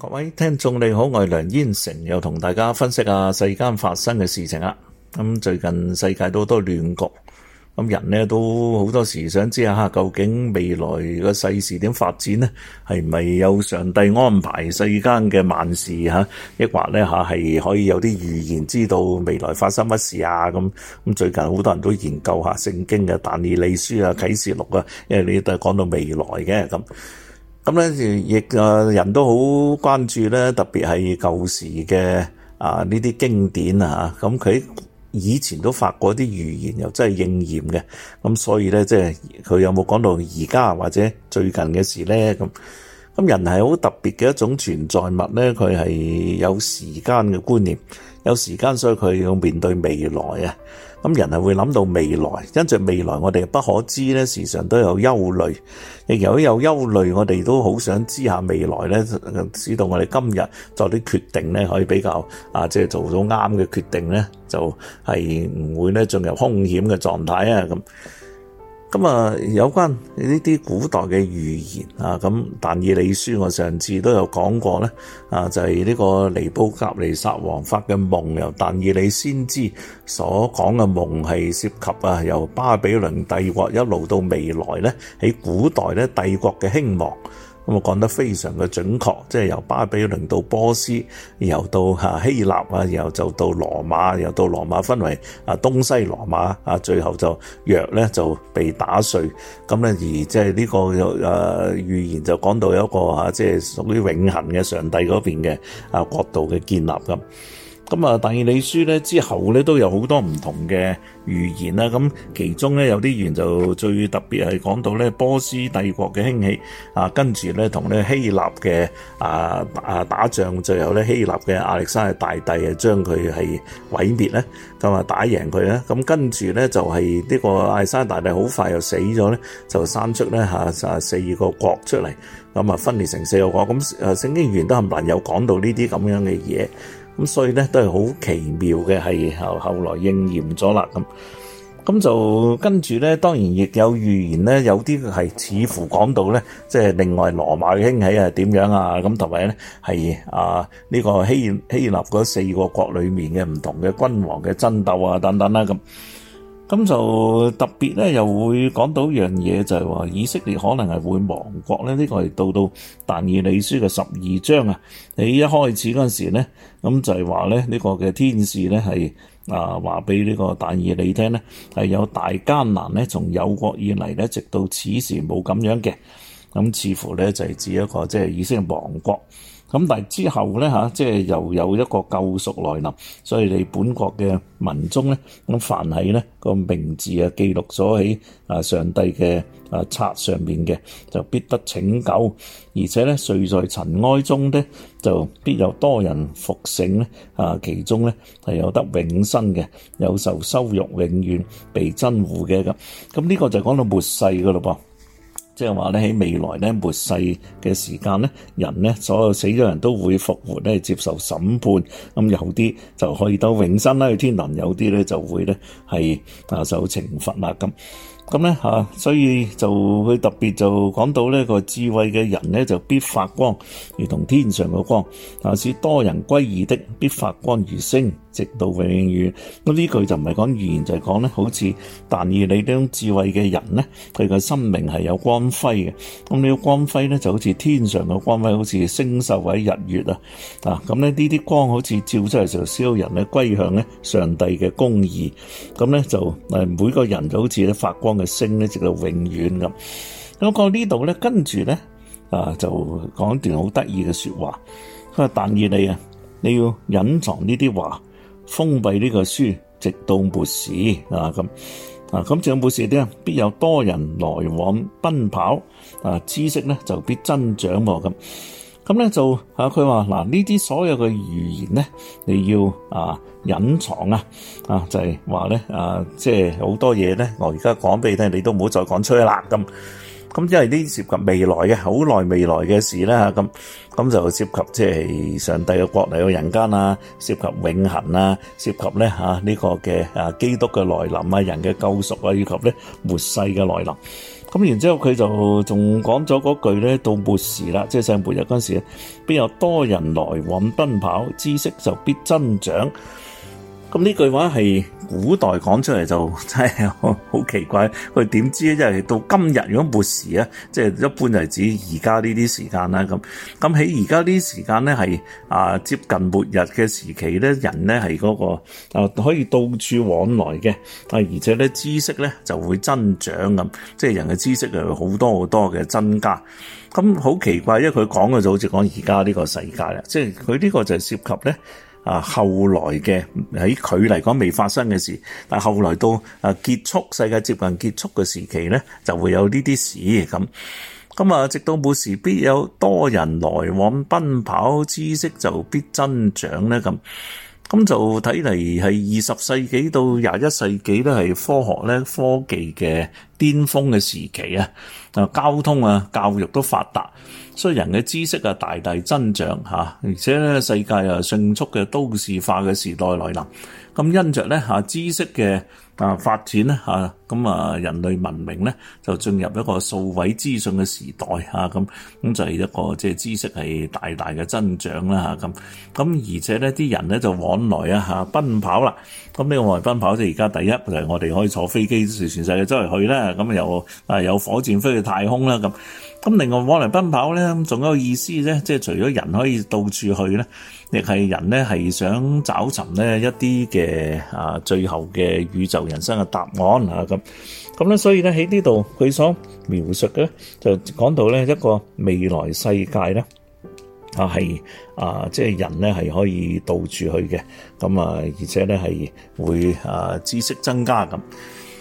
各位聽眾你好，我係梁燕城，又同大家分析下世間發生嘅事情啊。咁最近世界都多亂局，咁人咧都好多時想知下，究竟未來個世事點發展呢？係咪有上帝安排世間嘅萬事吓？抑或咧吓係可以有啲預言知道未來發生乜事啊？咁咁最近好多人都研究下聖經嘅但以理書啊、啟示錄啊，因為你都係講到未來嘅咁。咁咧就亦啊，人都好關注咧，特別係舊時嘅啊呢啲經典啊。咁佢以前都發過啲預言，又真係應驗嘅。咁所以咧，即係佢有冇講到而家或者最近嘅事咧？咁咁人係好特別嘅一種存在物咧，佢係有時間嘅觀念，有時間，所以佢要面對未來啊。咁人係會諗到未來，因為未來我哋不可知呢，時常都有憂慮。亦果有憂慮，我哋都好想知下未來呢，知道我哋今日做啲決定呢，可以比較啊，即係做到啱嘅決定呢就係、是、唔會呢進入風險嘅狀態啊咁。咁啊，有關呢啲古代嘅預言啊，咁但以理書我上次都有講過咧，啊就係、是、呢個尼布甲尼撒王發嘅夢，由但以理先知所講嘅夢係涉及啊，由巴比倫帝國一路到未來咧，喺古代咧帝國嘅興亡。咁我講得非常嘅準確，即係由巴比倫到波斯，又到哈希臘啊，然後就到羅馬，又到羅馬分為啊東西羅馬啊，最後就弱咧就被打碎。咁咧而即係呢個又啊預言就講到有一個啊即係屬於永恆嘅上帝嗰邊嘅啊國度嘅建立咁。咁啊，但以理書咧之後咧都有好多唔同嘅預言啦。咁其中咧有啲言就最特別係講到咧波斯帝國嘅興起啊，跟住咧同咧希臘嘅啊啊打仗，最後咧希臘嘅亞歷山大大帝啊將佢係毀滅咧，咁啊打贏佢咧。咁、啊、跟住咧就係、是、呢個亞歷山大帝好快又死咗咧，就生出咧四個國出嚟，咁啊分裂成四個國。咁啊聖經預言都係難有講到呢啲咁樣嘅嘢。咁所以咧都係好奇妙嘅，係後後來應驗咗啦咁，咁就跟住咧，當然亦有預言咧，有啲係似乎講到咧，即係另外羅馬嘅興起係點樣啊，咁同埋咧係啊呢個希希臘嗰四個國裏面嘅唔同嘅君王嘅爭鬥啊等等啦咁。咁就特別咧，又會講到一樣嘢，就係話以色列可能係會亡國咧。呢個係到到但以理書嘅十二章啊。你一開始嗰陣時咧，咁就係話咧呢個嘅天使咧係啊話俾呢個但以理聽咧，係有大艱難咧，從有國以嚟咧，直到此時冇咁樣嘅。咁似乎咧就係指一個即係以色列亡國。咁但係之後咧嚇，即係又有一個救贖來臨，所以你本國嘅民眾咧，咁凡係咧個名字啊記錄咗喺啊上帝嘅啊冊上面嘅，就必得拯救。而且咧睡在塵埃中咧，就必有多人復醒咧。啊，其中咧係有得永生嘅，有受羞辱，永遠被憎惡嘅咁。咁呢個就講到末世㗎喇噃。即係話咧喺未來咧末世嘅時間咧，人咧所有死咗人都會復活咧，接受審判。咁、嗯、有啲就可以到永生啦，去天堂，有啲咧就會咧係啊受懲罰啦咁。咁咧吓，所以就佢特別就講到呢個智慧嘅人咧就必發光，如同天上嘅光。啊，使多人歸義的必發光而升，直到永遠咁，呢句就唔係講語言，就係講咧，好似但以理呢種智慧嘅人咧，佢嘅生命係有光輝嘅。咁呢光輝咧，就好似天上嘅光輝，好似星宿喺日月啊嗱。咁咧呢啲光好似照出嚟嘅時候，所有人咧歸向咧上帝嘅公義。咁咧就每個人就好似咧發光嘅星咧，直到永遠咁。咁講呢度咧，跟住咧啊，就講一段好得意嘅說話。佢話：但以理啊，你要隱藏呢啲話。封閉呢個書，直到末世啊咁啊咁，直到末世啲啊，必有多人來往奔跑啊，知識呢就必增長喎咁。咁、啊、呢就佢話嗱呢啲所有嘅語言呢，你要啊隱藏啊啊，就係話咧啊，即係好多嘢咧，我而家講俾你聽，你都唔好再講出去啦咁。啊咁因為呢涉及未來嘅，好耐未來嘅事啦咁咁就涉及即係上帝嘅國內嘅人間啊，涉及永恆啊，涉及咧呢、啊呢個嘅啊基督嘅來臨啊，人嘅救贖啊，以及咧末世嘅來臨。咁然之後佢就仲講咗嗰句咧，到末時啦，即係聖末日嗰陣時，邊有多人來往奔跑，知識就必增長。咁呢句話係古代講出嚟就真係好，好奇怪，佢點知咧？因為到今日如果末時咧，即係一般就係指而家呢啲時間啦。咁咁喺而家呢啲時間咧係啊接近末日嘅時期咧，人咧係嗰個啊可以到處往來嘅，但而且咧知識咧就會增長咁，即係人嘅知識就好多好多嘅增加。咁好奇怪，因為佢講嘅就好似講而家呢個世界啦，即係佢呢個就涉及咧。啊！後來嘅喺佢嚟講未發生嘅事，但係後來到啊結束世界接近結束嘅時期咧，就會有呢啲事咁。咁啊，直到末時必有多人來往奔跑，知識就必增長咧。咁咁就睇嚟係二十世紀到廿一世紀都係科學咧科技嘅巔峰嘅時期啊！啊，交通啊，教育都發達。所以人嘅知識啊，大大增長嚇，而且咧世界又迅速嘅都市化嘅時代來臨，咁因着咧嚇知識嘅啊發展咧嚇，咁啊人類文明咧就進入一個數位資訊嘅時代嚇，咁咁就係一個即係知識係大大嘅增長啦嚇，咁咁而且咧啲人咧就往來啊嚇奔跑啦，咁呢個往來奔跑即係而家第一，就係我哋可以坐飛機全全世界周圍去啦，咁又啊有火箭飛去太空啦咁。咁另外往來奔跑咧，咁仲有一個意思咧，即係除咗人可以到處去咧，亦係人咧係想找尋咧一啲嘅啊，最後嘅宇宙人生嘅答案啊咁。咁咧，所以咧喺呢度佢所描述嘅就講到咧一個未來世界咧，啊係啊即係人咧係可以到處去嘅，咁啊而且咧係會啊知識增加咁。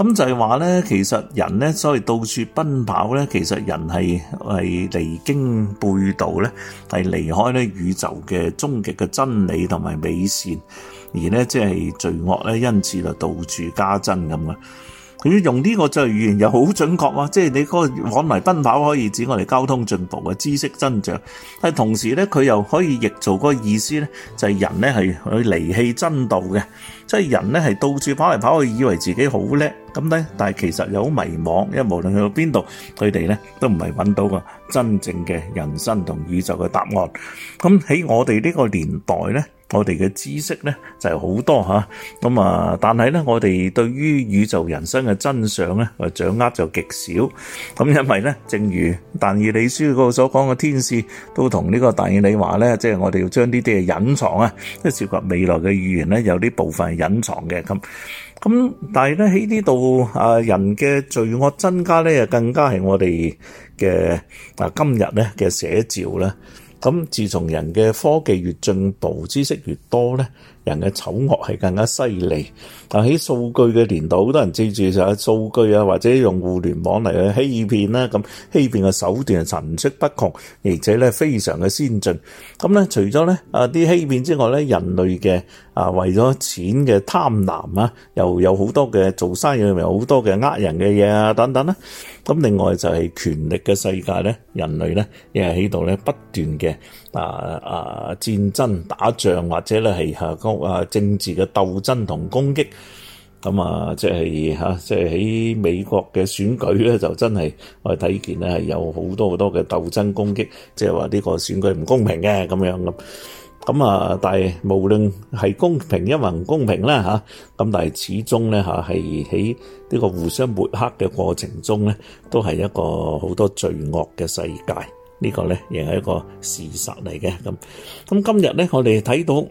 咁就係話咧，其實人咧，所謂到處奔跑咧，其實人係係離經背道咧，係離開咧宇宙嘅終極嘅真理同埋美善，而咧即係罪惡咧，因此就到處加增咁佢用呢個就語言又好準確喎，即係你嗰個往嚟奔跑可以指我哋交通進步嘅知識增長，但同時咧佢又可以譯做個意思咧，就係人咧係去離棄真道嘅，即係人咧係到處跑嚟跑去，以為自己好叻，咁咧但係其實又好迷茫，因為無論去到邊度，佢哋咧都唔係揾到個真正嘅人生同宇宙嘅答案。咁喺我哋呢個年代咧。我哋嘅知識咧就係好多咁啊，但係咧我哋對於宇宙人生嘅真相咧，掌握就極少。咁因為咧，正如但以理書個所講嘅天使都同呢個但以理話咧，即係我哋要將呢啲嘢隱藏啊，即係涉及未來嘅預言咧，有啲部分係隱藏嘅。咁咁，但係咧喺呢度啊，人嘅罪惡增加咧，又更加係我哋嘅啊今日咧嘅寫照咧。咁自從人嘅科技越進步，知識越多咧，人嘅醜惡係更加犀利。但喺數據嘅年代，好多人借住就係數據啊，或者用互聯網嚟去欺騙啦，咁欺騙嘅手段係層出不窮，而且咧非常嘅先進。咁咧除咗咧啊啲欺騙之外咧，人類嘅啊！為咗錢嘅貪婪啊，又有好多嘅做生意，有好多嘅呃人嘅嘢啊，等等啦、啊。咁、啊、另外就係權力嘅世界咧，人類咧亦係喺度咧不斷嘅啊啊戰爭、打仗或者咧係下個啊政治嘅鬥爭同攻擊。咁啊，即係嚇，即係喺美國嘅選舉咧，就真係我哋睇見咧係有好多好多嘅鬥爭攻擊，即係話呢個選舉唔公平嘅咁樣咁。咁啊！但係無論係公平，因為唔公平啦吓，咁但係始終咧吓，係喺呢個互相抹黑嘅過程中咧，都係一個好多罪惡嘅世界，呢個咧亦係一個事實嚟嘅。咁咁今日咧，我哋睇到。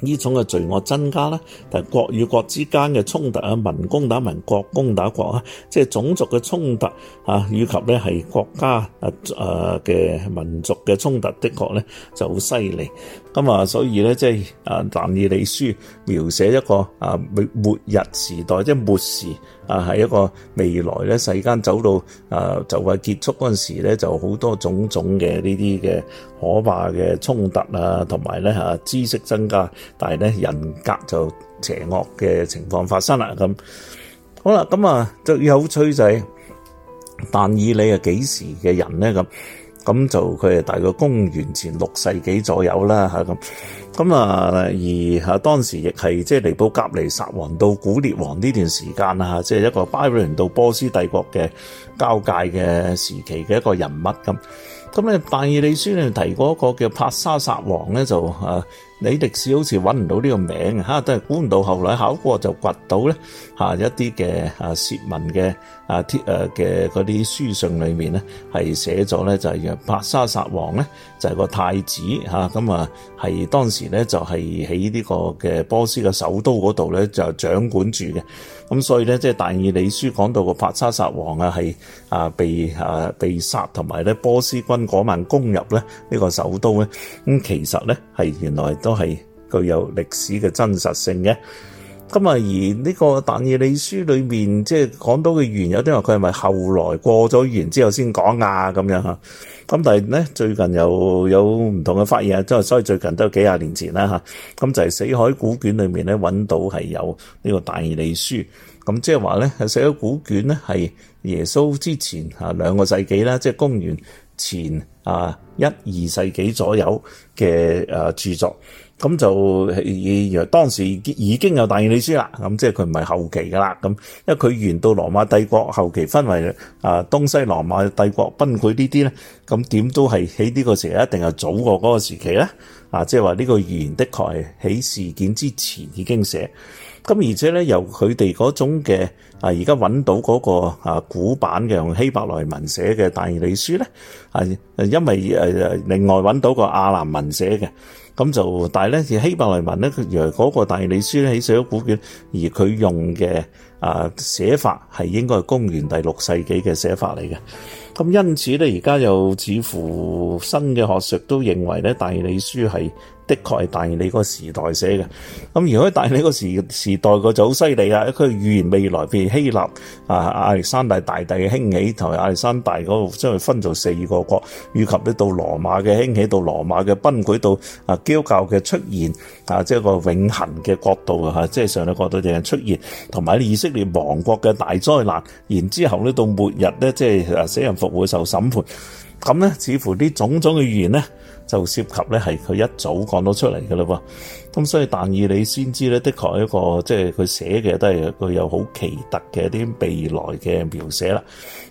呢種嘅罪惡增加呢，但係國與國之間嘅衝突啊，民攻打民，國攻打國啊，即係種族嘅衝突啊，以及咧係國家啊嘅民族嘅衝突的確，的確咧就好犀利。咁啊，所以咧即係啊，但以理書描寫一個啊末日時代，即係末時。啊，係一個未來咧，世間走到啊就話結束嗰陣時咧，就好多種種嘅呢啲嘅可怕嘅衝突啊，同埋咧吓知識增加，但係咧人格就邪惡嘅情況發生啦。咁、啊、好啦，咁啊就有吹仔，但以理係幾時嘅人咧咁？啊咁就佢係大概公元前六世紀左右啦嚇咁，咁啊而嚇當時亦係即係尼布甲尼撒王到古列王呢段時間啦、啊、即係一個巴比倫到波斯帝國嘅交界嘅時期嘅一個人物咁。咁咧但以理書咧提過一個叫伯沙撒王咧就啊。你的歷史好似揾唔到呢個名啊！都係估唔到，後來考過就掘到咧一啲嘅啊説文嘅啊鐵嘅嗰啲書信裏面咧係寫咗咧，就係伯沙撒王咧就係、是、個太子嚇咁，啊係、啊、當時咧就係喺呢個嘅波斯嘅首都嗰度咧就是、掌管住嘅，咁所以咧即係但以理書講到個伯沙撒王啊係啊被啊被殺同埋咧波斯軍嗰晚攻入咧呢個首都咧咁、嗯、其實咧係原來。都係具有歷史嘅真實性嘅，咁啊而呢、這個《但以理書》裏面即係講到嘅源，有啲話佢係咪後來過咗完之後先講啊咁樣嚇？咁但係咧最近又有唔同嘅發現啊，即係所以最近都幾廿年前啦嚇，咁就係、是、死海古卷裏面咧揾到係有呢、這個《但以理書》，咁即係話咧係死海古卷咧係耶穌之前啊兩個世紀啦，即係公元。前啊一二世紀左右嘅誒、啊、著作，咁就當時已經，已經有但以理書啦，咁即係佢唔係後期噶啦，咁因為佢原到羅馬帝國後期，分為啊東西羅馬帝國崩潰呢啲咧，咁點都係喺呢個時候一定係早過嗰個時期咧，啊即係話呢個預言的確係喺事件之前已經寫，咁而且咧由佢哋嗰種嘅。啊！而家揾到嗰個啊古版嘅用希伯來文寫嘅但以理書咧，啊誒，因為誒另外揾到個阿蘭文寫嘅，咁就但係咧，希伯來文咧，佢原來嗰個但以理書咧起寫咗古卷，而佢用嘅啊寫法係應該係公元第六世紀嘅寫法嚟嘅，咁因此咧，而家又似乎新嘅學術都認為咧，但以理書係。的確係但以理個時代寫嘅，咁如果但以理個時時代個就好犀利啊！佢預言未來譬如希臘啊，亞歷山大大帝嘅興起，同埋亞歷山大嗰個將佢分做四個國，以及咧到羅馬嘅興起，到羅馬嘅崩潰，到啊基督教嘅出現啊，即係個永恆嘅國度啊，即係上帝國度就係出現，同埋以色列亡國嘅大災難，然之後咧到末日咧，即係啊死人復活受審判，咁、啊、咧似乎啲種種嘅預言咧。就涉及咧，係佢一早講到出嚟嘅嘞喎。咁所以，但以理先知咧，的確係一個，即係佢寫嘅都係佢有好奇特嘅一啲未來嘅描寫啦。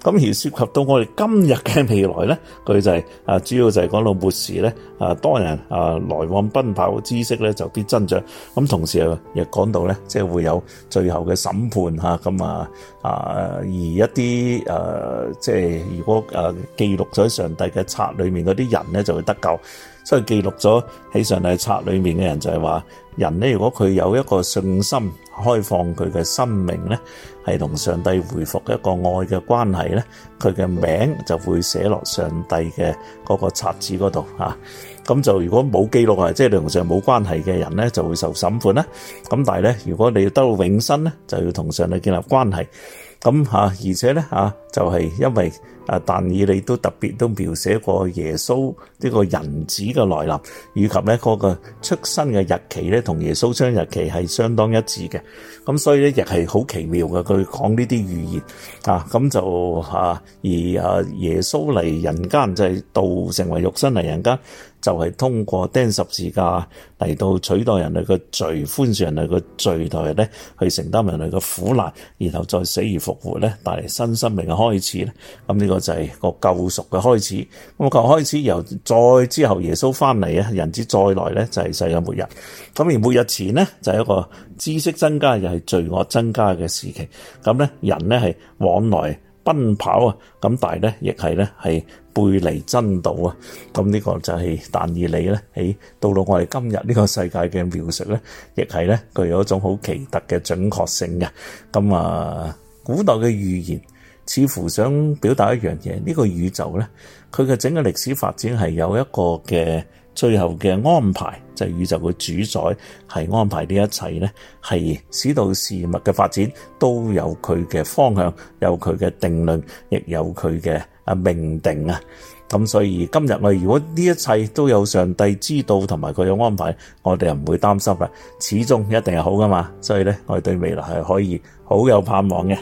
咁而涉及到我哋今日嘅未來咧，佢就係啊，主要就係講到末時咧，啊多人啊來往奔跑，知識咧就必增長。咁同時又講到咧，即係會有最後嘅審判吓，咁啊啊，而一啲啊，即係如果啊記錄咗上帝嘅冊裏面嗰啲人咧，就會得救。所以記錄咗喺上帝冊裏面嘅人就係話，人咧如果佢有一個信心，開放佢嘅生命咧，係同上帝回復一個愛嘅關係咧，佢嘅名就會寫落上帝嘅嗰個冊子嗰度嚇。咁就如果冇記錄啊，即係同上帝冇關係嘅人咧，就會受審判啦。咁但係咧，如果你要得到永生咧，就要同上帝建立關係。咁嚇，而且咧嚇，就係、是、因為啊，但以理都特別都描寫過耶穌呢個人子嘅來臨，以及咧嗰個出生嘅日期咧，同耶穌出生日期係相當一致嘅。咁所以咧亦係好奇妙嘅，佢講呢啲預言啊，咁就嚇而啊，而耶穌嚟人間就係、是、道成為肉身嚟人間。就係通過釘十字架嚟到取代人類嘅罪，寬恕人類嘅罪代，同埋咧去承擔人類嘅苦難，然後再死而復活咧，帶嚟新生命嘅開始咧。咁呢個就係個救贖嘅開始。咁、這、求、個、開始由再之後，耶穌翻嚟啊，人子再來咧，就係世界末日。咁而末日前咧，就係一個知識增加又係罪惡增加嘅時期。咁咧，人咧係往來奔跑啊，咁但係咧，亦係咧背離真道啊，咁呢個就係但以理咧，喺到到我哋今日呢個世界嘅描述咧，亦係咧具有一種好奇特嘅準確性嘅。咁啊，古代嘅預言似乎想表達一樣嘢，呢、這個宇宙咧，佢嘅整個歷史發展係有一個嘅最後嘅安排，就係、是、宇宙嘅主宰係安排呢一切咧，係使到事物嘅發展都有佢嘅方向，有佢嘅定律，亦有佢嘅。啊，命定啊，咁所以今日我如果呢一切都有上帝知道同埋佢有安排，我哋又唔會擔心啦。始終一定係好噶嘛，所以咧我哋對未來係可以好有盼望嘅。